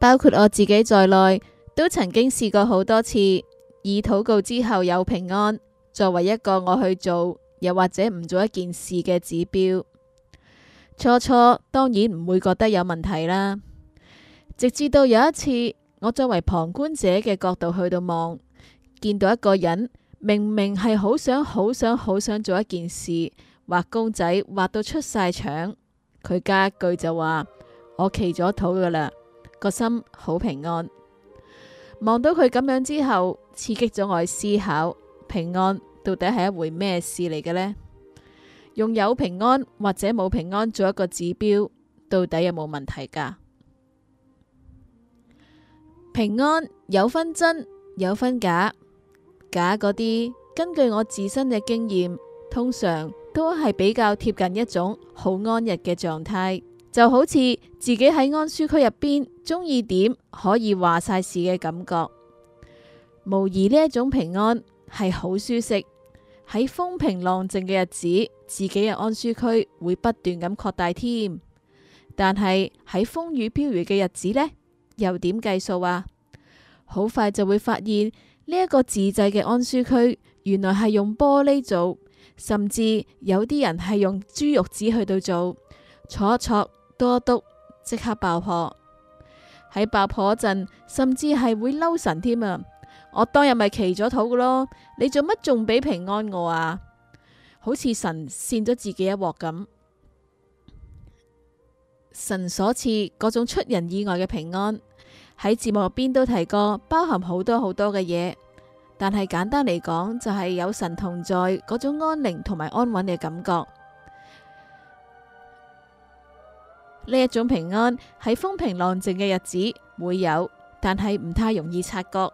包括我自己在內，都曾經試過好多次以禱告之後有平安作為一個我去做又或者唔做一件事嘅指標。初初當然唔會覺得有問題啦。直至到有一次，我作為旁觀者嘅角度去到望，見到一個人明明係好想、好想、好想做一件事，畫公仔畫到出晒腸，佢加一句就話：我祈咗禱㗎啦。個心好平安，望到佢咁樣之後，刺激咗我思考平安到底係一回咩事嚟嘅呢？用有平安或者冇平安做一個指標，到底有冇問題噶？平安有分真有分假，假嗰啲根據我自身嘅經驗，通常都係比較貼近一種好安逸嘅狀態。就好似自己喺安舒區入邊，中意點可以話晒事嘅感覺，無疑呢一種平安係好舒適。喺風平浪靜嘅日子，自己嘅安舒區會不斷咁擴大添。但係喺風雨飄搖嘅日子呢，又點計數啊？好快就會發現呢一個自製嘅安舒區，原來係用玻璃做，甚至有啲人係用豬肉紙去到做，坐一坐。多篤即刻爆破，喺爆破嗰陣，甚至係會嬲神添啊！我當日咪祈咗禱嘅咯，你做乜仲俾平安我啊？好似神獻咗自己一鑊咁。神所賜嗰種出人意外嘅平安，喺字幕入邊都提過，包含好多好多嘅嘢。但係簡單嚟講，就係、係、有神同在嗰種安寧同埋安穩嘅感覺。呢一種平安喺風平浪靜嘅日子會有，但係唔太容易察覺。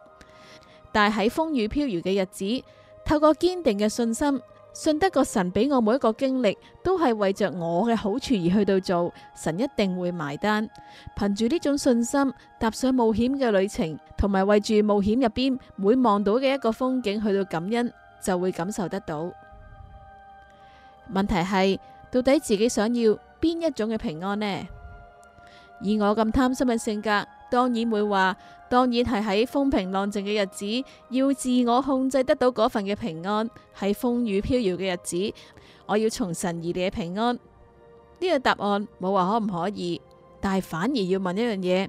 但係喺風雨飄搖嘅日子，透過堅定嘅信心，信得過神俾我每一個經歷都係為着我嘅好處而去到做，神一定會埋單。憑住呢種信心踏上冒險嘅旅程，同埋為住冒險入邊每望到嘅一個風景去到感恩，就會感受得到。問題係到底自己想要邊一種嘅平安呢？以我咁貪心嘅性格，當然會話，當然係喺風平浪靜嘅日子，要自我控制得到嗰份嘅平安；喺風雨飄搖嘅日子，我要從神而嚟嘅平安。呢個答案冇話可唔可以，但係反而要問一樣嘢：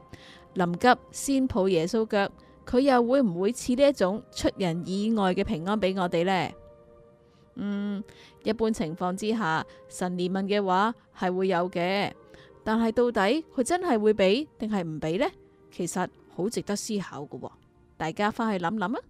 臨急先抱耶穌腳，佢又會唔會似呢一種出人意外嘅平安俾我哋呢？嗯，一般情況之下，神念問嘅話係會有嘅，但係到底佢真係會俾定係唔俾呢？其實好值得思考噶，大家返去諗諗啊！